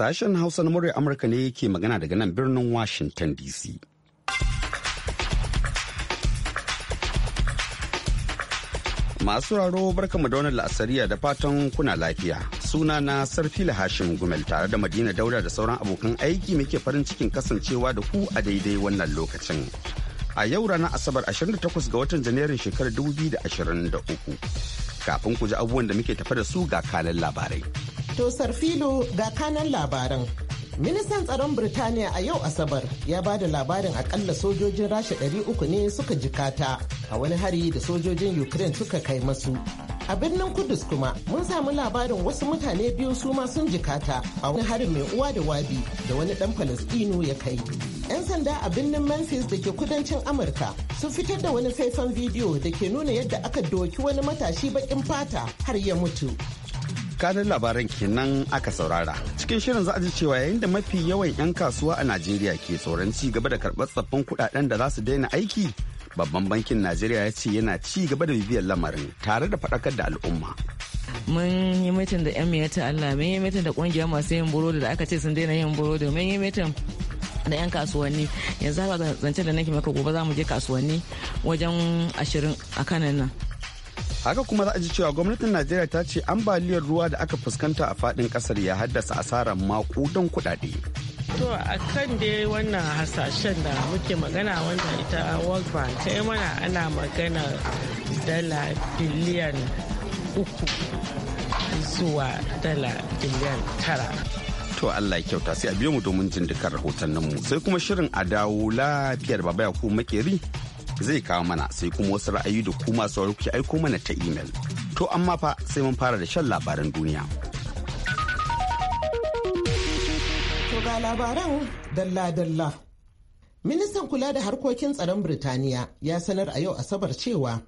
Sashen Hausa na murya Amurka ne yake magana daga nan birnin Washington DC. Masu raro barkamu da wani la'asariya da fatan kuna lafiya. Suna na sarfi Hashim Gumel tare da Madina Daura da sauran abokan aiki muke farin cikin kasancewa da ku a daidai wannan lokacin. A yau ranar Asabar 28 ga watan Janairun shekarar 2023. Kafin ku ji abubuwan da muke tafa da su ga kanan labarai. To Sarfilo ga kanan labaran. Ministan tsaron Birtaniya a yau Asabar ya ba da labarin akalla sojojin Rasha 300 ne suka jikata a wani hari da sojojin Ukraine suka kai masu. A birnin Kudus kuma mun samu labarin wasu mutane biyu su ma sun jikata a wani harin mai uwa da wabi da wani dan Falasɗinu ya kai. 'Yan sanda a birnin Memphis da ke kudancin Amurka sun fitar da wani faifan bidiyo da ke nuna yadda aka doki wani matashi baƙin fata har ya mutu. kanin labaran kenan aka saurara. Cikin shirin za a ji cewa yayin da mafi yawan 'yan kasuwa a Najeriya ke tsoron ci gaba da karɓar tsaffin kuɗaɗen da za su daina aiki, babban bankin Najeriya ya ce yana ci gaba da bibiyar lamarin tare da faɗakar da al'umma. mun yi mitin da 'yan miyata Allah mun yi mitin da ƙungiyar masu yin burodi da aka ce sun daina yin burodi mun yi mitin da 'yan kasuwanni yanzu haka zance da nake maka gobe za mu je kasuwanni wajen ashirin a kanan nan haka kuma za a ji cewa gwamnatin najeriya ta ce ambaliyar ruwa da aka fuskanta a fadin kasar ya haddasa asarar makudan kudade to a kan dai wannan hasashen da muke magana wanda ita world bank ta yi mana ana magana dala biliyan uku zuwa dala biliyan tara to Allah ya kyauta sai a biyo mu domin jin dukkan mu sai kuma shirin a dawo lafiyar baba ya makeri zai kawo mana sai kuma wasu ra'ayi da kuma sauri kuke aiko mana ta imel. To amma fa sai mun fara da shan labaran duniya. To ga labaran dalla-dalla. Ministan kula da harkokin tsaron Birtaniya ya sanar a yau Asabar cewa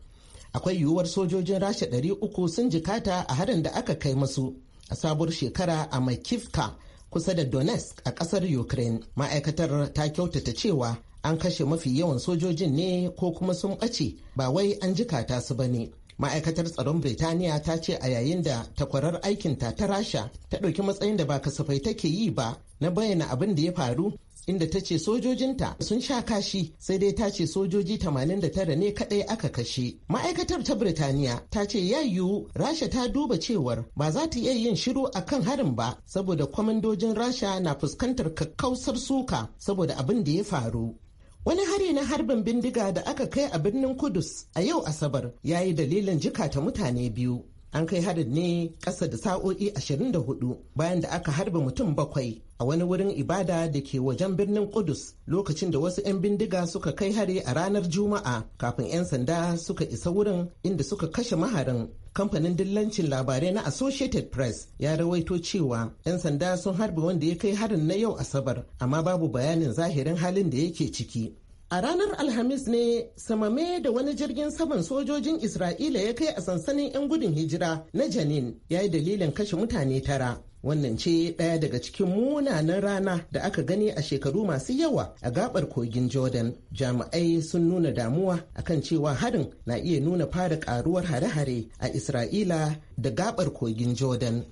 akwai yiwuwar sojojin rasha ɗari uku sun jikata a harin da aka kai musu a sabuwar shekara a makivka kusa da donetsk a ƙasar ukraine ma'aikatar ta kyautata cewa an kashe mafi yawan sojojin ne ko kuma sun ɓace ba wai an jikata su ba ne ma'aikatar tsaron birtaniya ta ce a yayin da takwarar aikinta ta rasha ta ɗauki matsayin da ba kasafai take yi ba na bayyana abin da ya faru inda ta ce sojojinta sun sha kashi sai dai ta ce sojoji 89 ne kadai aka kashe. Ma'aikatar ta Birtaniya ta ce ya yiwu Rasha ta duba cewar ba za ta iya yin shiru a kan harin ba saboda kwamandojin Rasha na fuskantar kakkausar suka saboda abin da ya faru. Wani hari na harbin bindiga da aka kai a birnin Kudus a yau Asabar ya yi dalilin jika ta mutane biyu. An kai harin ne ƙasa da sa'o'i 24 bayan da aka harba mutum bakwai a wani wurin ibada da ke wajen birnin Kudus lokacin da wasu 'yan bindiga suka kai hari a ranar Juma'a kafin 'yan sanda suka isa wurin inda suka kashe maharin kamfanin dillancin labarai na associated press ya rawaito cewa 'yan sanda sun harbe wanda ya kai harin na yau asabar amma babu bayanin zahirin halin da yake ciki A ranar Alhamis ne samame da wani jirgin saman sojojin Isra'ila ya kai a sansanin 'yan gudun hijira na Janin ya yi dalilin kashe mutane tara. Wannan ce ɗaya daga cikin munanan rana da aka gani a shekaru masu yawa a gabar kogin Jordan. Jami'ai sun nuna damuwa akan cewa harin na iya nuna fara karuwar hare-hare a Isra'ila da gabar kogin Jordan.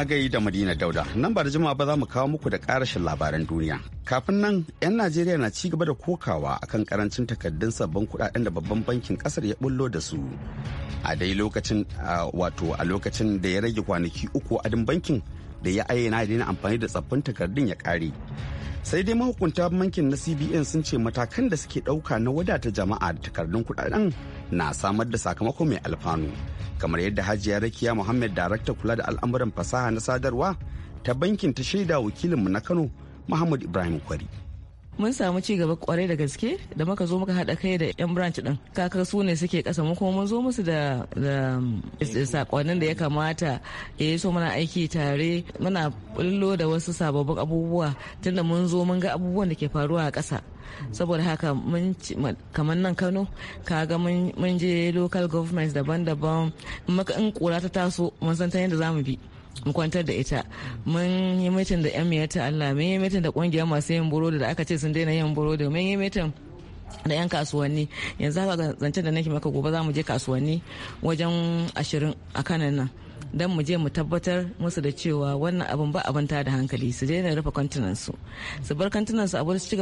gai da madina dauda nan ba da jima ba za mu kawo muku da karashin labaran duniya kafin nan 'yan najeriya na ci gaba da kokawa akan karancin takardun sabbin kudaden da babban bankin kasar ya bullo da su a dai lokacin wato a lokacin da ya rage kwanaki uku adin bankin da ya ayyana daina amfani da tsaffin takardun ya kare sai dai mahukunta bankin na cbn sun ce matakan da suke ɗauka na wadata jama'a da takardun kudaden na samar da sakamako mai alfanu kamar yadda hajiya rakiya muhammad darakta kula da al'amuran fasaha na sadarwa ta bankin ta shaida wakilinmu na kano muhammad ibrahim kwari mun samu ci gaba kwarai da gaske da muka zo muka haɗa kai da yan branch din kaka su ne suke kasa mu kuma mun zo musu da sakonnin da ya kamata ya so muna aiki tare muna bullo da wasu sababbin abubuwa tunda mun zo mun ga abubuwan da ke faruwa a kasa saboda haka mun kamar nan kano kaga mun je local governments daban-daban in kura ta taso mun san ta yadda za mu bi mu kwantar da ita mun yi mitin da yan miyata Allah mun yi mitin da kungiyar masu yin burodi da aka ce sun daina yin burodi mun yi mitin da 'yan kasuwanni yanzu haka zancen da nake maka gobe za mu je kasuwanni wajen ashirin a kanan nan don mu je mu tabbatar musu da cewa wannan abin ba abin da hankali su daina rufe kwantinan su su bar kwantinan su abu su ci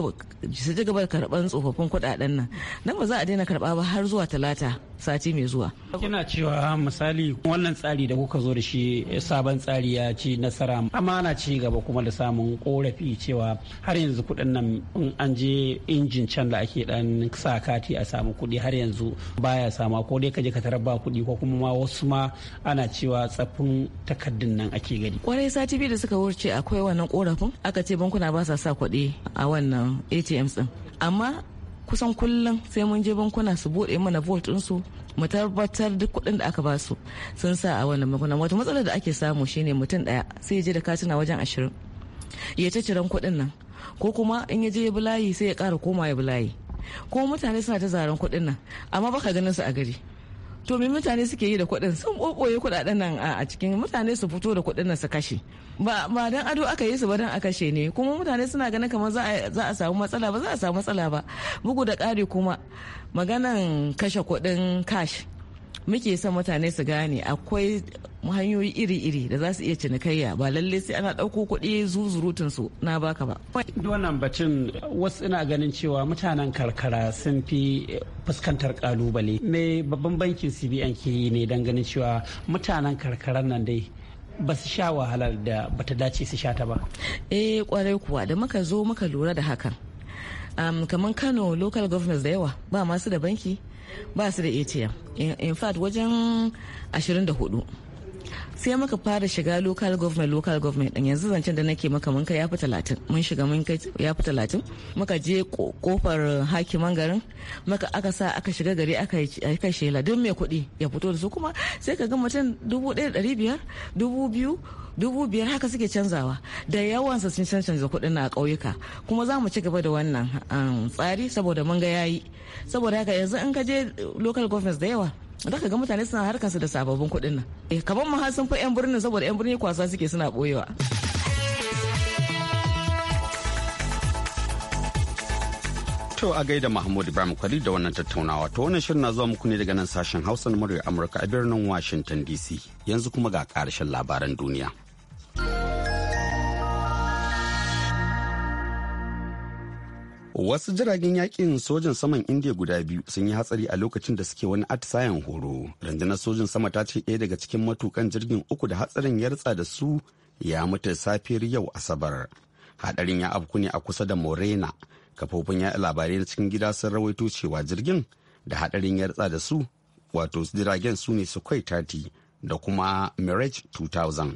gaba karban tsofaffin kuɗaɗen nan nan ba za a daina karɓa ba har zuwa talata sati mai zuwa. kina cewa misali wannan tsari da kuka zo da shi sabon tsari ya ci nasara amana ci gaba kuma da samun korafi cewa har yanzu kuɗin nan in an je injin can da ake dan sa kati a samu kuɗi har yanzu baya sama ko dai ka je ka tarar ba kuɗi ko kuma ma wasu ma ana cewa kasafin takardun nan ake gani kwarai sati biyu da suka wuce akwai wannan korafin aka ce bankuna ba sa sa kuɗi a wannan atm din amma kusan kullum sai mun je bankuna su buɗe mana volt ɗinsu mu tabbatar duk kuɗin da aka basu sun sa a wannan bankuna wato matsalar da ake samu shine mutum ɗaya sai ya je da katina wajen ashirin ya ta ciran kuɗin nan ko kuma in ya je ya bi layi sai ya ƙara koma ya bi layi kuma mutane suna ta zaren kuɗin nan amma baka ganin su a gari to me mutane suke yi da kuɗin sun ɓoɓoye kuɗaɗen nan a cikin mutane su fito da kuɗin nan su kashe ba ba dan ado aka yi su ba dan a kashe ne kuma mutane suna ganin kamar za a samu matsala ba za a samu matsala ba bugu da ƙari kuma maganan kashe kuɗin cash muke son mutane su gane akwai hanyoyi iri-iri da za su iya cinikayya ba lalle sai ana ɗauko kuɗi zuzurutun su na baka ba. wannan batun wasu ina ganin cewa mutanen karkara sun fi fuskantar kalubale me babban bankin cbn ke yi ne don ganin cewa mutanen karkarar nan dai ba su sha wahalar da bata dace su sha ta ba. eh kwarai kuwa da muka zo muka lura da hakan kaman kano local governors da yawa ba masu da banki ba su da atm in fact wajen 24 sai muka fara shiga local government local government din yanzu zancen da nake maka mun kai ya fi talatin mun shiga mun kai ya fi talatin muka je kofar hakiman garin maka aka sa aka shiga gari aka shela don mai kuɗi ya fito da su kuma sai ka ga mutum dubu ɗaya ɗari biyar dubu biyu dubu biyar haka suke canzawa da yawansa sun canza kuɗin a ƙauyuka kuma za mu ci gaba da wannan um, tsari saboda mun ga yayi saboda haka yanzu in ka je local government da yawa da ka ga mutane suna harkarsu da sababbin kuɗin nan eh, kamar mu har sun fi yan birnin saboda yan birni kwasa suke suna boyewa to a gaida Mahmud Ibrahim Kwari da wannan tattaunawa to wannan shirin na zuwa muku ne daga nan sashen Hausa na murya Amurka a birnin Washington DC yanzu kuma ga karshen labaran duniya wasu jiragen yakin sojin saman indiya guda biyu sun yi hatsari a lokacin da suke wani atisayen horo rundunar sojin sama ta ce ɗaya daga cikin matukan jirgin uku da hatsarin ya ritsa da su ya mutu safiyar yau asabar hadarin ya afku ne a kusa da morena kafofin ya labarai na cikin gida sun rawaito cewa jirgin da hadarin ya ritsa da su wato jiragen su ne sukhoi 30 da kuma mirage 2000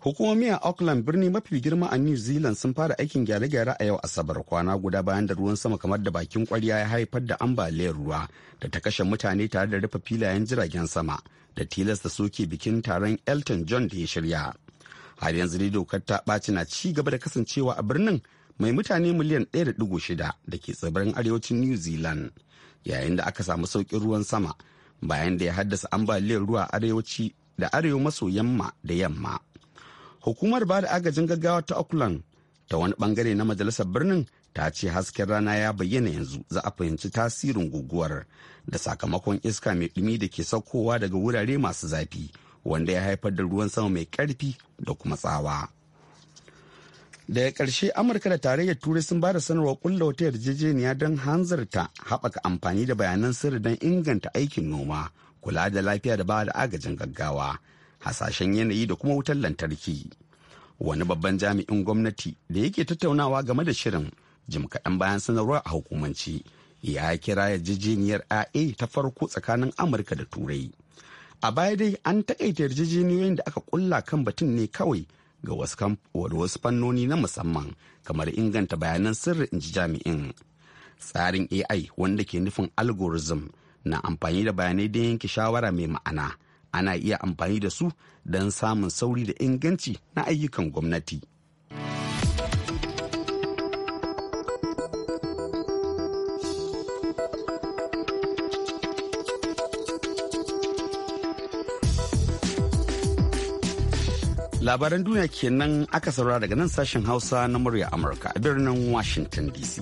Hukumomi a Auckland birni mafi girma a New Zealand sun fara aikin gyare-gyare a yau Asabar kwana guda bayan da ruwan sama kamar da bakin kwarya ya haifar da ambaliyar ruwa da ta kashe mutane tare da rufe filayen jiragen sama da tilasta soke bikin taron Elton John da ya shirya. Har yanzu dai dokar ta ɓaci na ci gaba da kasancewa a birnin mai mutane miliyan 1.6 da ke tsibirin arewacin New Zealand yayin da aka samu sauƙin ruwan sama bayan da ya haddasa ambaliyar ruwa arewaci da arewa maso yamma da yamma. hukumar ba da agajin gaggawa ta auckland ta wani bangare na majalisar birnin ta ce hasken rana ya bayyana yanzu za a fahimci tasirin guguwar da sakamakon iska mai dumi da ke saukowa daga wurare masu zafi wanda ya haifar da ruwan sama mai karfi da kuma tsawa daga ƙarshe amurka da tarayyar turai sun bada sanarwar kulla wata yarjejeniya don hanzarta haɓaka amfani da bayanan sirri don inganta aikin noma kula da lafiya da ba da agajin gaggawa hasashen yanayi da kuma wutar lantarki wani babban jami'in gwamnati da yake tattaunawa game da shirin jim kaɗan bayan sanarwa a hukumanci ya kira yarjejeniyar ia ta farko tsakanin amurka da turai a baya dai an taƙaita yarjejeniyoyin da aka kulla kan batun ne kawai ga wasu fannoni na musamman kamar inganta bayanan sirri in ji jami'in tsarin ai wanda ke nufin algorithm na amfani da bayanai don yanke shawara mai ma'ana ana iya amfani da su don samun sauri da inganci na ayyukan gwamnati. labaran duniya kenan aka saura daga nan sashen hausa na murya amurka a birnin washington dc.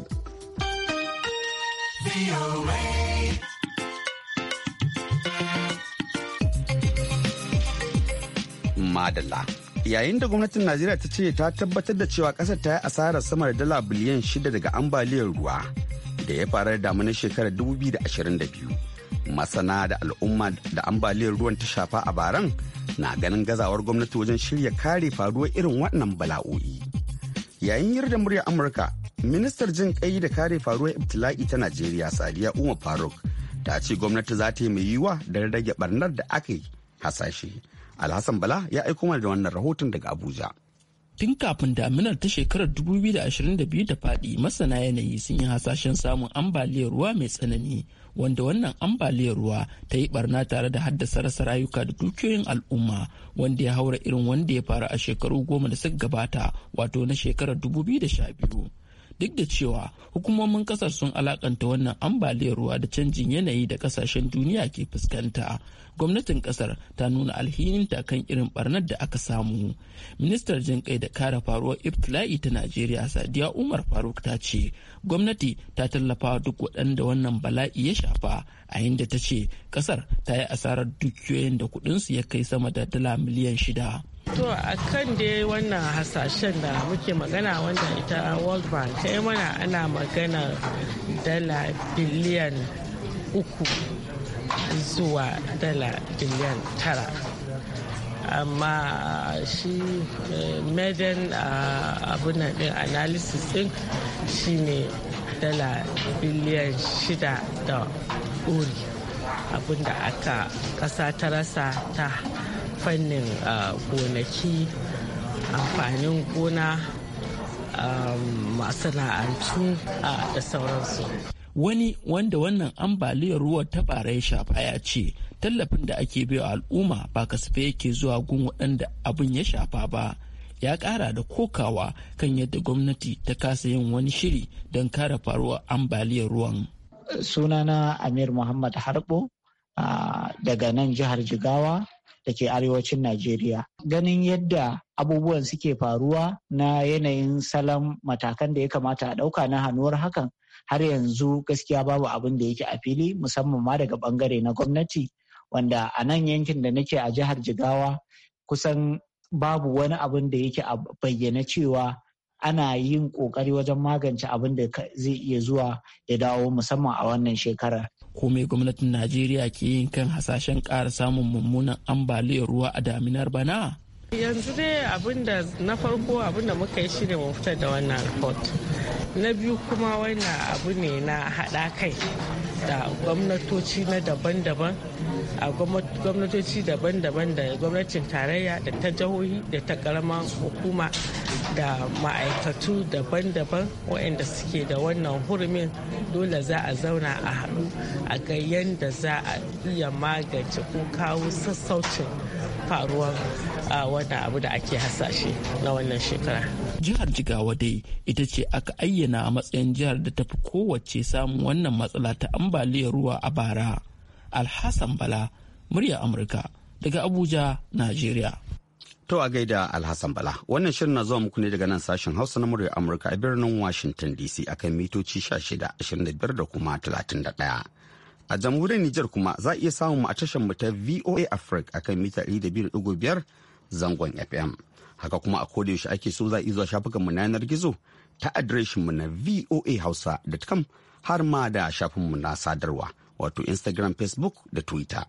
madalla yayin da gwamnatin najeriya ta ce ta tabbatar da cewa ƙasar ta yi asarar sama da dala biliyan shida daga ambaliyar ruwa da ya fara da damunar shekarar 2022 masana da al'umma da ambaliyar ruwan ta shafa a baran na ganin gazawar gwamnati wajen shirya kare faruwar irin waɗannan bala'o'i yayin yarda muryar amurka ministar jin kai da kare faruwar ibtila'i ta najeriya sadiya umar faruk ta ce gwamnati za ta yi mai yiwuwa da rage barnar da aka yi hasashe Alhassan Bala ya aiko mana da wannan rahoton daga Abuja. Tun kafin daminar ta shekarar 2022 da faɗi masana yanayi sun yi hasashen samun ambaliyar ruwa mai tsanani wanda wannan ambaliyar ruwa ta yi barna tare da haddasa rasa rayuka da dukiyoyin al'umma wanda ya haura irin wanda ya faru a shekaru goma da suka gabata wato na shekarar 2012. duk da cewa hukumomin kasar sun alakanta wannan ambaliyar ruwa da canjin yanayi da kasashen duniya ke fuskanta gwamnatin kasar ta nuna alhininta kan irin barnar da aka samu ministar jin kai da kare faruwar iftila'i ta najeriya sadiya umar faruk ta ce gwamnati ta tallafa duk waɗanda wannan bala'i ya shafa a inda ta ce kasar ta yi asarar dukiyoyin da kuɗinsu ya kai sama da dala miliyan shida To a kan dai wannan hasashen da muke magana wanda ita World Bank ta yi mana ana magana dala biliyan uku zuwa dala biliyan tara. amma shi eh, medan ah, abin din analysis din shine dala biliyan shida da uri abinda aka kasa ta rasa ta fannin ah, gonaki amfanin gona ah, masana'antu ah, da sauransu wani wanda wannan ambaliyar ruwa ta bara ya shafa ya ce tallafin da ake baiwa al'umma ba kasafai yake zuwa gun waɗanda abin ya shafa ba ya ƙara da kokawa kan yadda gwamnati ta kasa yin wani shiri don kare faruwar ambaliyar ruwan sunana amir muhammad harbo daga nan jihar jigawa da ke arewacin Najeriya. Ganin yadda abubuwan suke faruwa na yanayin salon matakan da ya kamata a ɗauka na hannuwar hakan har yanzu gaskiya babu abin da yake a fili musamman ma daga bangare na gwamnati wanda a nan yankin da nake a jihar Jigawa kusan babu wani abin da yake a bayyana cewa ana yin kokari wajen magance abin da zai iya zuwa ya dawo musamman a wannan shekarar komai gwamnatin najeriya ke yin kan hasashen ƙara samun mummunan ambaliyar ruwa a daminar bana yanzu dai abinda na farko abinda muka yi shine mu fitar da wannan report na biyu kuma wannan abu ne na haɗa kai da gwamnatoci na daban-daban a gwamnatoci daban-daban da gwamnatin tarayya da ta jihohi da ta karamar hukuma da ma'aikatu daban-daban waɗanda suke da wannan hurumin dole za a zauna a haɗu a ga yadda za a iya magance ko kawo sassaucin faruwar a wata abu da ake hasashe na wannan shekara. Jihar Jigawa dai ita ce aka ayyana a matsayin jihar da tafi kowace samun wannan matsala ta ambaliyar ruwa a bara. Alhassan Bala, murya Amurka, daga Abuja, Najeriya. To a gaida Alhassan Bala, wannan shirin na zuwa muku ne daga nan sashen Hausa na murya Amurka a birnin Washington DC akan mitoci 16, da kuma 31. A jamhuriyar Nijar kuma za a iya samun mu a tashar mu ta VOA Africa akan mita zangon FM. Haka kuma a kodayaushe ake so za a zuwa shafukanmu na yanar gizo ta adireshinmu na voa voahausa.com har ma da shafinmu na sadarwa wato Instagram, Facebook da Twitter.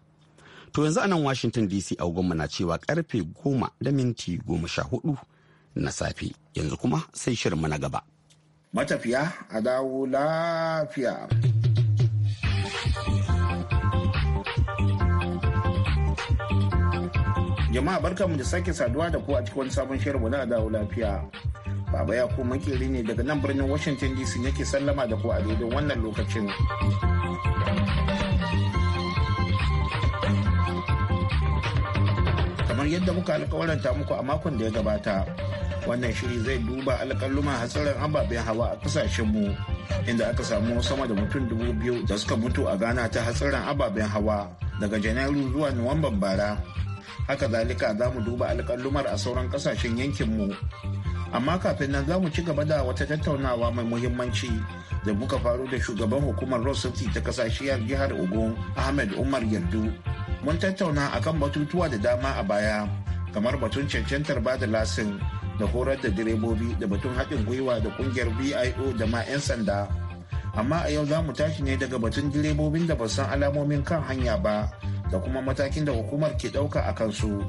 To yanzu anan Washington DC agogonmu na cewa karfe goma da minti goma sha hudu na safe yanzu kuma sai shirinmu na gaba. Matafiya a dawo lafiya. Jama'a barka mu da sake saduwa da ku a cikin wani sabon shirin wani adawo lafiya. Baba ya ko makeri ne daga nan birnin Washington DC yake sallama da ku a daidai wannan lokacin. Kamar yadda muka alkawaranta muku a makon da ya gabata. Wannan shiri zai duba alƙalluman hatsarin ababen hawa a kasashenmu inda aka samu sama da mutum dubu biyu da suka mutu a Ghana ta hatsarin ababen hawa daga Janairu zuwa Nuwamban bara. haka zalika za mu duba alkalumar a sauran ƙasashen yankinmu amma kafin nan za mu ci gaba da wata tattaunawa mai muhimmanci da muka faru da shugaban hukumar city ta kasashiyar jihar ogun ahmed umar yardu mun tattauna akan batutuwa da dama a baya kamar batun cancantar ba da lasin da horar da direbobi da batun haɗin gwiwa da ƙungiyar bio da ma 'yan sanda amma a yau za mu tashi ne daga batun direbobin da ba san alamomin kan hanya ba da kuma matakin da hukumar ke ɗauka a kansu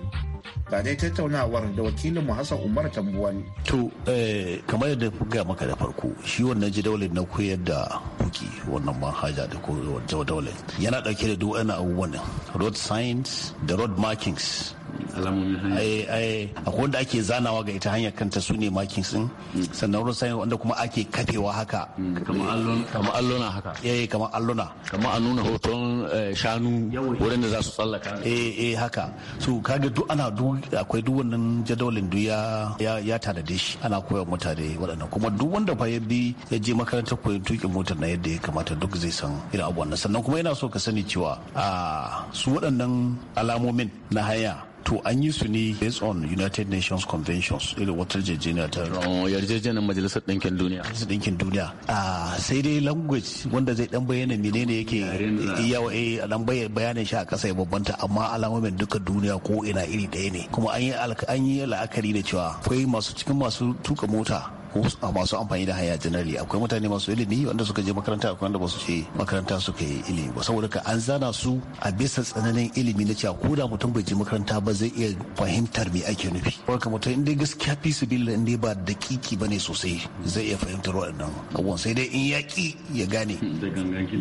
ga dai tattaunawar da wakilin mu Hassan Umar Tambuwal. To eh, kamar yadda ga maka da farko shi wannan jadawalin na koyar da kuki wannan manhaja da koyarwar jadawalin yana dauke da duk wani abubuwan road signs da road markings alamomin hanya eh, eh, akwai wanda ake zanawa ga ita hanyar kanta su ne makin sun sannan wurin sanya wanda kuma ake kafewa haka mm, kama alluna haka eh kama alluna kama a nuna hoton shanu wurin da za su tsallaka eh eh haka so kaga duk ana duk akwai duk wannan jadawalin duk ya ya tanade shi ana koyar mutane waɗannan kuma duk wanda fa ya bi ya je makarantar koyon tukin motar na yadda ya kamata duk zai san irin abubuwan sannan kuma yana so ka sani cewa a ah, su waɗannan alamomin na haya to an yi su ne based on united nations conventions irin wata yarjejeniya ta oh, yarjejeniyar majalisar ɗinkin duniya majalisar ɗinkin duniya ah, sai dai language wanda zai dan bayyana menene yake yawa eh, a dan bayanin shi a ƙasa ya babbanta amma alamomin duka duniya ko ina iri ɗaya ne kuma an yi la'akari da cewa akwai masu cikin masu tuka mota masu amfani da haya janarali akwai mutane masu ilimi wanda suka je makaranta akwai wanda ba su je makaranta suka yi ilimi ba saboda ka an zana su a bisa tsananin ilimi na cewa ko da mutum bai je makaranta ba zai iya fahimtar me ake nufi ka mutum inda gaskiya fi su bila inda ba da kiki ne sosai zai iya fahimtar waɗannan abubuwan sai dai in ya ki ya gane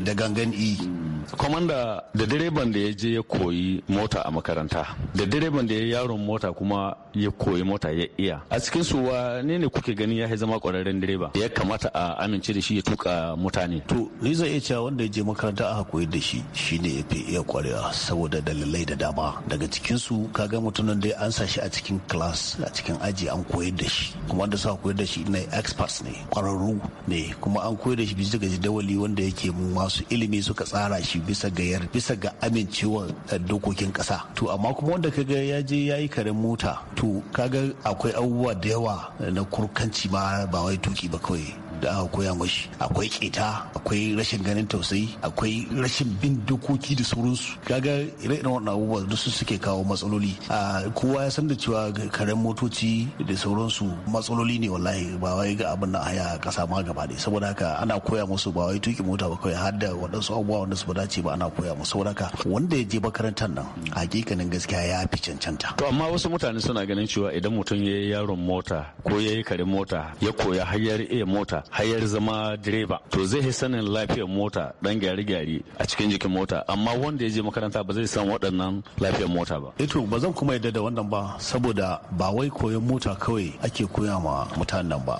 da gangan i hmm. komanda da direban da ya je ya koyi mota a makaranta da direban da ya yaron mota kuma ya koyi mota ya iya a cikin su wa ne kuke gani ya zama kwararren direba da ya kamata a amince da shi ya tuka mutane to ni zai iya cewa wanda ya je makaranta aka koyi da shi shi ne ya fi iya kwarewa saboda dalilai da dama daga cikin su ga mutumin da ya sa shi a cikin class a cikin aji an koyar da shi kuma wanda suka koyar da shi ne experts ne kwararru ne kuma an koyar da shi bisa ga jadawali wanda yake masu ilimi suka tsara shi bisa ga yar bisa ga amincewar eh, dokokin kasa to amma kuma wanda kaga ya je ya yi karen mota to kaga akwai abubuwa da yawa eh, na kurkanci ma ba wai tuki ba kawai da aka koya mashi akwai ƙeta akwai rashin ganin tausayi akwai rashin bin dokoki da sauransu kaga ire-iren wannan abubuwa da su suke kawo matsaloli a kowa ya san da cewa karen motoci da sauransu matsaloli ne wallahi ba wai ga abin nan haya kasa ma gaba ne saboda haka ana koya musu ba wai tuki mota ba kawai har da waɗansu abubuwa wanda su ba dace ba ana koya musu saboda haka wanda ya je makarantar nan hakikanin gaskiya ya fi cancanta to amma wasu mutane suna ganin cewa idan mutum ya yi yaron mota ko ya yi karen mota ya koya har ya mota hayar zama direba to zai yi sanin lafiyar mota dan gyare-gyare a cikin jikin mota amma wanda ya je makaranta ba zai san waɗannan lafiyar mota ba ito eh ba zan kuma yadda da wannan ba saboda ba wai koyon mota kawai ake koya ma mutanen ba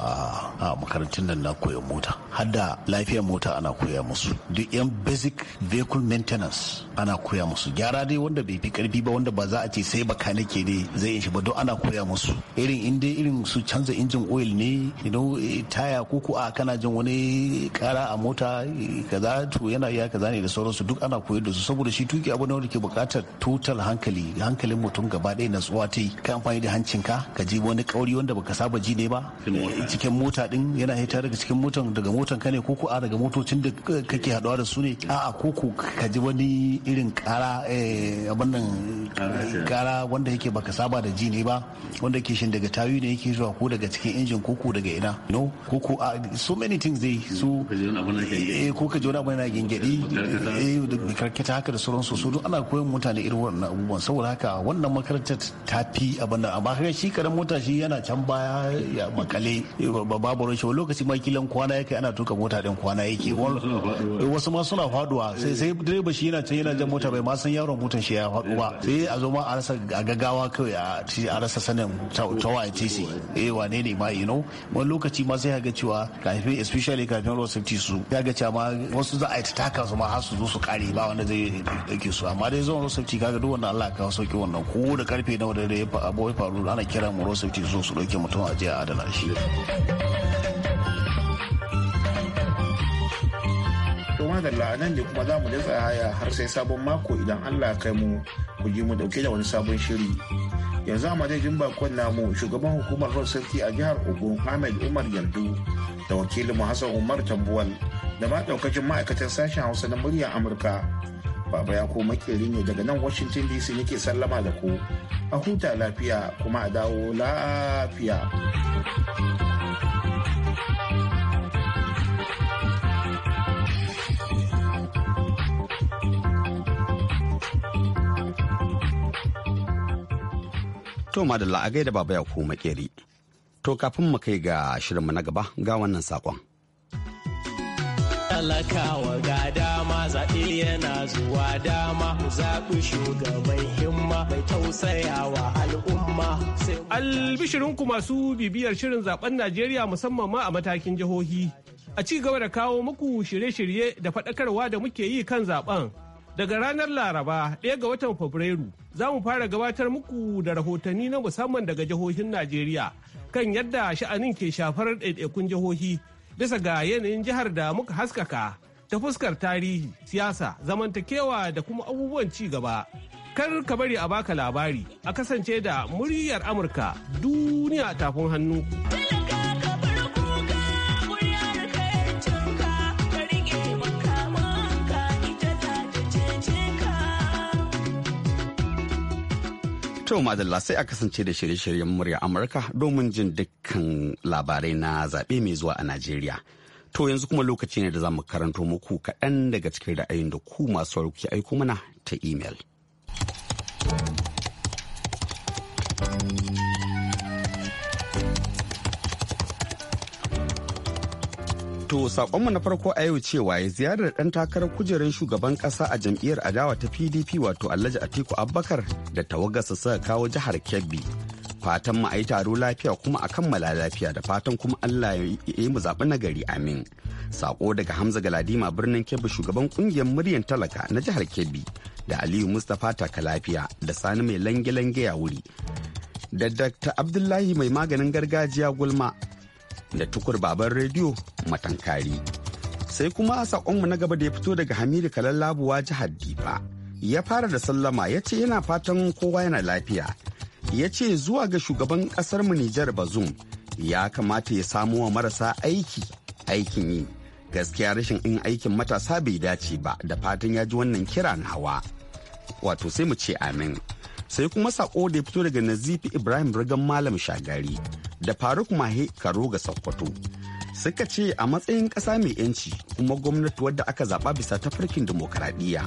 a makarantun nan na koyon mota har da lafiyar mota ana koya musu duk yan basic vehicle maintenance ana koya musu gyara dai wanda bai fi karfi ba wanda ba za a ce sai bakanike ne zai yi shi ba don ana koya musu irin in dai irin su canza injin oil ne idan eh, taya ko ko a kana jin wani kara a mota kaza to yana iya kaza ne da sauransu duk ana koyar da su saboda shi tuki abu ne wanda ke bukatar total hankali hankalin mutum gaba ɗaya natsuwa ta yi ka amfani da hancinka ka ji wani kauri wanda baka saba ji ne ba cikin mota din eh, yana hita daga cikin motan daga motan ka ne ko a daga motocin da kake haɗuwa da su ne a'a ko ko ka ji wani irin kara eh, abin nan kara wanda yake baka saba da ji ne ba wanda ke shin daga tayu ne yake zuwa ko daga cikin injin koko daga ina no koko a so many things dai su ko ka jona bana gingedi karkata haka da sauransu su duk ana koyon mutane irin wannan abubuwan saboda haka wannan makarantar ta fi abin nan amma kaga shi karan mota shi yana can baya ya makale babu rashin lokaci ma kilan kwana yake ana tuka mota din kwana yake wasu ma suna faduwa eh, sai sai direba shi yana can yana jan mota bai ma san yaron motar shi ya faɗu ba eh. sai a zo ma a rasa a gaggawa kawai a rasa sanin tawa tc eh wane ne ma you know wani lokaci ma sai ga cewa kafin especially kafin road safety su ya ga cewa wasu za a yi taka su ma har su zo su kare ba wanda zai dauke su amma dai zuwa road safety kaga duk wanda Allah ya kawo sauki wannan ko da karfe na wanda ya abu ya faru ana kira mu road safety su su dauke mutum a je a adana shi da la'anan ne kuma za mu da tsaya har sai sabon mako idan Allah ya kai mu ku ji mu dauke da wani sabon shiri yanzu a madadin bakon namu shugaban hukumar ruwan sarki a jihar ogun ahmed umar yardu da wakilin mu hassan umar tambuwal da ma daukacin ma'aikatan sashen hausa na murya amurka baba ya ko makeri ne daga nan washington dc nake sallama da ku a huta lafiya kuma a dawo lafiya To madalla a da baba ya ko makeri. To kafin mu kai ga shirinmu na gaba ga wannan sakon. Talakawa ga dama zaɓe yana zuwa dama zaɓi shugaban himma mai tausayawa al'umma. Albishirinku masu bibiyar shirin zaben Najeriya musamman ma a matakin jihohi. A ci gaba da kawo muku shirye-shirye da faɗakarwa da muke yi kan zaben. Daga ranar Laraba ɗaya ga watan Fabrairu za mu fara gabatar muku da rahotanni na musamman daga jihohin Najeriya kan yadda sha'anin ke shafar ɗaiɗaikun jihohi bisa ga yanayin jihar da muka haskaka ta fuskar tarihi, siyasa, zamantakewa da kuma abubuwan ci gaba. Kar ka bari a baka labari a kasance da muryar Amurka duniya tafin hannu. To madalla sai a kasance da shirye-shiryen murya Amurka domin jin dukkan labarai na zaɓe mai zuwa a Najeriya. To yanzu kuma lokaci ne da za mu karanto muku kaɗan daga cikin ra'ayin da ku masu aiko mana ta imel. To sakonmu na farko a yau cewa ya ziyarar ɗan takarar kujerar shugaban ƙasa a jam'iyyar adawa ta PDP wato Alhaji Atiku Abubakar da tawagarsa suka kawo jihar Kebbi. Fatan mu ayi taro lafiya kuma a kammala lafiya da fatan kuma Allah ya yi mu zaɓi nagari amin. Saƙo daga Hamza Galadima birnin Kebbi shugaban ƙungiyar muryan talaka na jihar Kebbi da Aliyu Mustapha taka lafiya da Sani mai lange-lange ya wuri. Da Dr. Abdullahi mai maganin gargajiya gulma da tukur baban rediyo matankari. Sai kuma saƙonmu na gaba da ya fito daga Hamidu Kalallabuwa jihar Difa. Ya fara da sallama ya ce yana fatan kowa yana lafiya. Ya ce zuwa ga shugaban ƙasar ƙasarmu Nijar Bazum ya kamata ya samo wa marasa aiki aikin yi. Gaskiya rashin in aikin matasa bai dace ba da fatan ya ji wannan kira na hawa. Wato sai mu ce amin. Sai kuma saƙo da ya fito daga Nazifi Ibrahim Rigan Malam Shagari. da faruk mahe karo ga sokoto suka ce a matsayin ƙasa mai 'yanci kuma gwamnati wadda aka zaɓa bisa ta farkin dimokuraɗiyya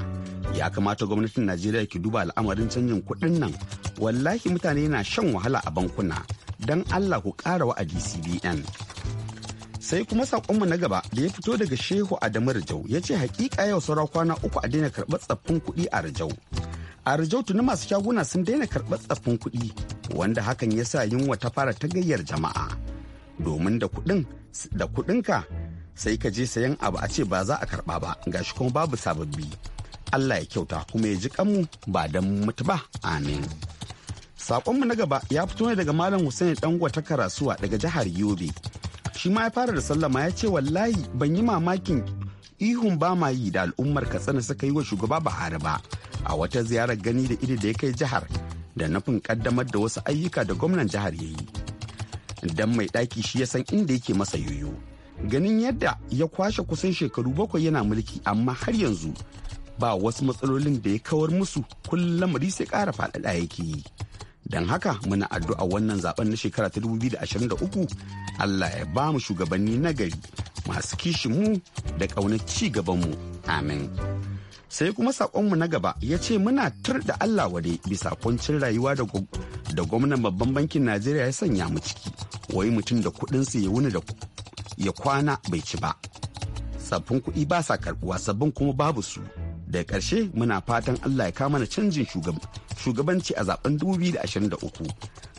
ya kamata gwamnatin najeriya ki duba al'amarin canjin kuɗin nan wallahi mutane na shan wahala a bankuna don allah ku ƙara wa'adi cbn sai kuma saƙonmu na gaba da ya fito daga shehu adamu rajau ya ce hakika yau saura kwana uku a daina karɓar tsaffin kuɗi a rajau a rijau masu shaguna sun daina karɓar tsaffin kuɗi wanda hakan ya sa yunwa ta fara ta gayyar jama'a domin da kuɗin da kuɗinka sai ka je sayan abu a ce ba za a karɓa ba ga shi kuma babu sababbi Allah ya kyauta kuma ya ji kanmu ba don mutu ba amin Saƙonmu na gaba ya fito ne daga Malam Hussein Dangwa ta karasuwa daga jihar Yobe. Shi ma ya fara da sallama ya ce wallahi ban yi mamakin ihun ba ma yi da al'ummar Katsina suka yi wa shugaba Buhari ba. a wata ziyarar gani da ido da ya kai jihar da nufin kaddamar da wasu ayyuka da gwamnan jihar ya yi dan mai ɗaki shi ya san inda yake masa yoyo ganin yadda ya kwashe kusan shekaru bakwai yana mulki amma har yanzu ba wasu matsalolin da ya kawar musu kullum lamari sai kara faɗaɗa yake yi don haka muna addu'a wannan zaben na shekara ta 2023 Allah ya ba mu shugabanni nagari masu kishinmu da ƙaunar ci gabanmu amin sai kuma sakonmu na gaba ya ce muna tur da allah wade bisa kwancin rayuwa da gwamnan babban bankin najeriya ya sanya mu ciki wai mutum da kuɗin ya wuni da ya kwana bai ci ba sabbin kuɗi ba sa karɓuwa sabbin kuma babu su da karshe muna fatan allah ya kama na canjin shugabanci a zaben 2023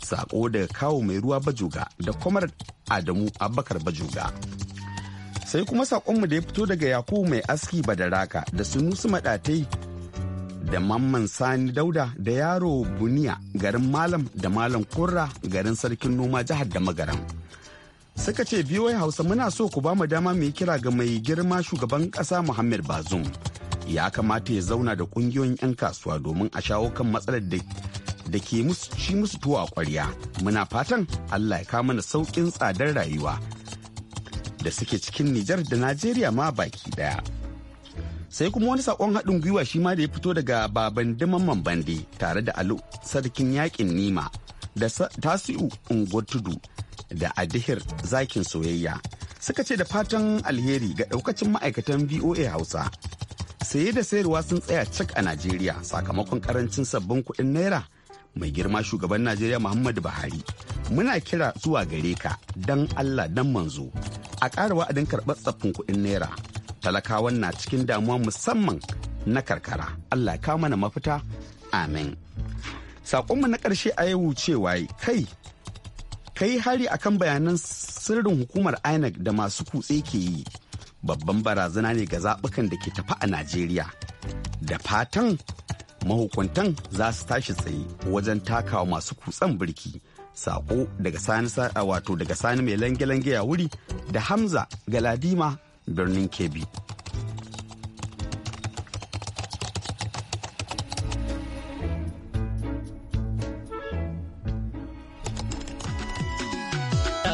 sako daga kawo mai ruwa bajoga da kwamar adamu abubakar bajoga sai kuma saƙonmu da ya fito daga yakubu mai aski badaraka da sunusu maɗatai da mamman sani dauda da yaro buniya garin malam da malam kurra garin sarkin noma jihar da magaran. suka ce biyoyi hausa muna so ku ba mu dama mu kira ga mai girma shugaban ƙasa muhammad bazum ya kamata ya zauna da ƙungiyoyin 'yan kasuwa domin a shawo kan matsalar da ke shi musu tuwa kwarya muna fatan allah ya kama mana sauƙin tsadar rayuwa da suke cikin Nijar da Najeriya ma baki daya. Sai kuma wani saƙon haɗin gwiwa shi ma da ya fito daga baban diman bande tare da Alu sarkin yakin Nima da Tasi'u Unguwar Tudu da Adihir zakin soyayya suka ce da fatan alheri ga ɗaukacin ma'aikatan VOA Hausa. Saye da sayarwa sun tsaya cak a Najeriya sakamakon karancin sabbin kuɗin naira mai girma shugaban Najeriya Muhammadu Buhari. Muna kira zuwa gare ka don Allah don manzo a ƙara wa'adin karɓar tsaffin kuɗin naira talakawan na cikin damuwa musamman na karkara allah ka mana mafita amin saƙonmu na ƙarshe a yau cewa kai kai hari akan bayanan sirrin hukumar inec da masu kutse ke yi babban barazana ne ga zaɓukan da ke tafi a najeriya da fatan mahukuntan za su tashi tsaye wajen takawa masu kutsen birki sako daga sani wato daga sani mai lange-lange ya wuri da hamza galadima birnin kebbi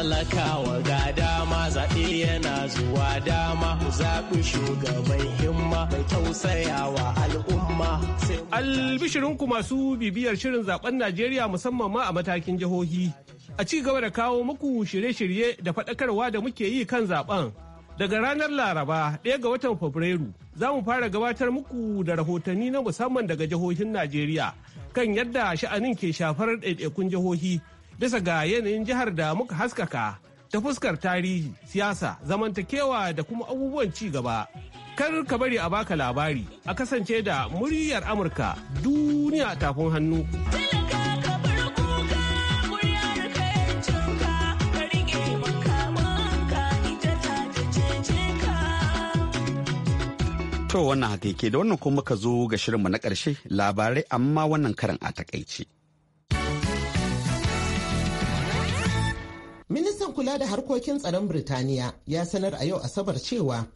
talakawa ga dama zaɓe yana zuwa dama zaɓi shugaban himma mai tausayawa al'umma. Albishirinku masu bibiyar shirin zaben Najeriya musamman ma a matakin jihohi. A ci gaba da kawo muku shirye-shirye da faɗakarwa da muke yi kan zaben. Daga ranar Laraba ɗaya ga watan Fabrairu za mu fara gabatar muku da rahotanni na musamman daga jihohin Najeriya kan yadda sha'anin ke shafar ɗaiɗaikun jihohi bisa ga yanayin jihar da muka haskaka ta fuskar tarihi siyasa zamantakewa da kuma abubuwan ci gaba kar ka bari a baka labari a kasance da muryar amurka duniya tafin hannu To wannan haka da wannan kuma ka zo ga shirinmu na ƙarshe labarai amma wannan karin a takaice. Ministan kula da harkokin tsaron Birtaniya ya sanar a yau Asabar cewa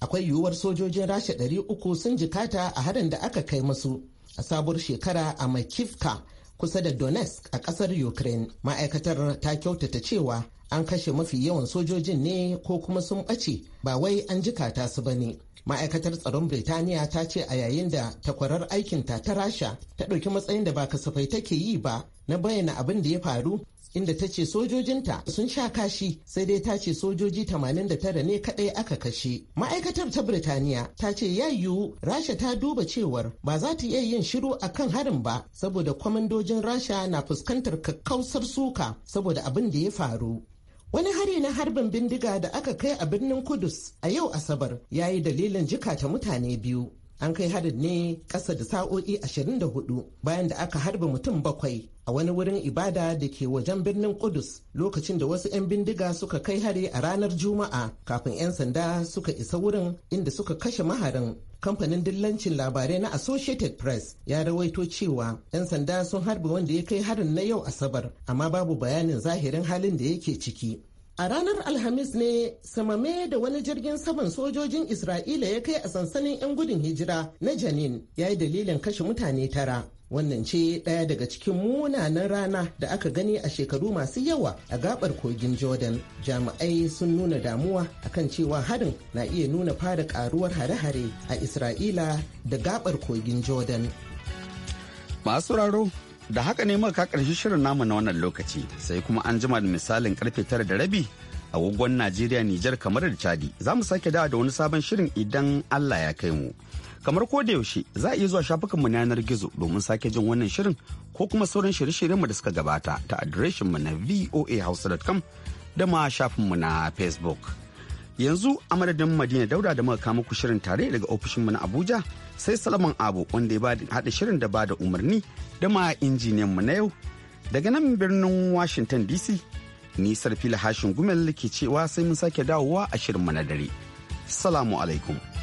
akwai yiwuwar sojojin Rasha ɗari uku sun jikata a harin da aka kai musu a sabuwar shekara a Makivka kusa da Donetsk a ƙasar Ukraine. Ma'aikatar ta kyautata cewa an kashe mafi yawan sojojin ne ko kuma sun ɓace ba wai an jikata su ba ne. ma'aikatar tsaron Birtaniya ta ce a yayin da takwarar aikinta ta rasha ta ɗauki matsayin da ba kasafai take yi ba na bayyana abin da ya faru inda ta ce sojojinta sun sha kashi sai dai ta ce sojoji 89 ne kadai aka kashe. Ma'aikatar ta Birtaniya ta ce ya yiwu Rasha ta duba cewar ba za ta iya yin shiru a kan harin ba saboda kwamandojin Rasha na fuskantar kakkausar suka saboda abin da ya faru. Wani hari na harbin bindiga da aka kai a birnin Kudus a yau Asabar ya yi dalilin ta mutane biyu. an kai harin ne ƙasa da sa'o'i 24 bayan da aka harba mutum bakwai a wani wurin ibada da ke wajen birnin kudus lokacin da wasu 'yan bindiga suka kai hari a ranar juma'a kafin 'yan sanda suka isa wurin inda suka kashe maharin kamfanin dillancin labarai na associated press ya rawaito cewa 'yan sanda sun harba wanda ya kai harin na yau asabar amma babu bayanin zahirin halin da yake ciki A ranar Alhamis ne samame da wani jirgin saman sojojin Isra'ila ya kai a sansanin 'yan gudun hijira na Janin ya yi dalilin kashe mutane tara. Wannan ce ɗaya daga cikin munanan rana da aka gani a shekaru masu yawa a gabar kogin Jordan. Jami'ai sun nuna damuwa akan cewa harin na iya nuna fara karuwar hare-hare a Isra'ila da gabar kogin Jordan. Masu raro da haka ne muka karshe shirin namu na wannan lokaci sai kuma an jima da misalin karfe tara da rabi A agogon najeriya nijar kamar da chadi za mu sake dawa da wani sabon shirin idan allah ya kai mu kamar ko da yaushe za a iya zuwa shafukanmu na yanar gizo domin sake jin wannan shirin ko kuma sauran shirye shiryen mu da suka gabata ta mu na voahouse.com da ma mu na facebook yanzu a madadin madina dauda da muka kama ku shirin tare daga mu na abuja sai salaman abu wanda ya ba haɗa shirin da bada umarni da ma injiniyan mu na yau daga nan birnin washington dc nisar fila hashin gumel ke cewa sai mun sake dawowa a shirin mu na dare salamu alaikum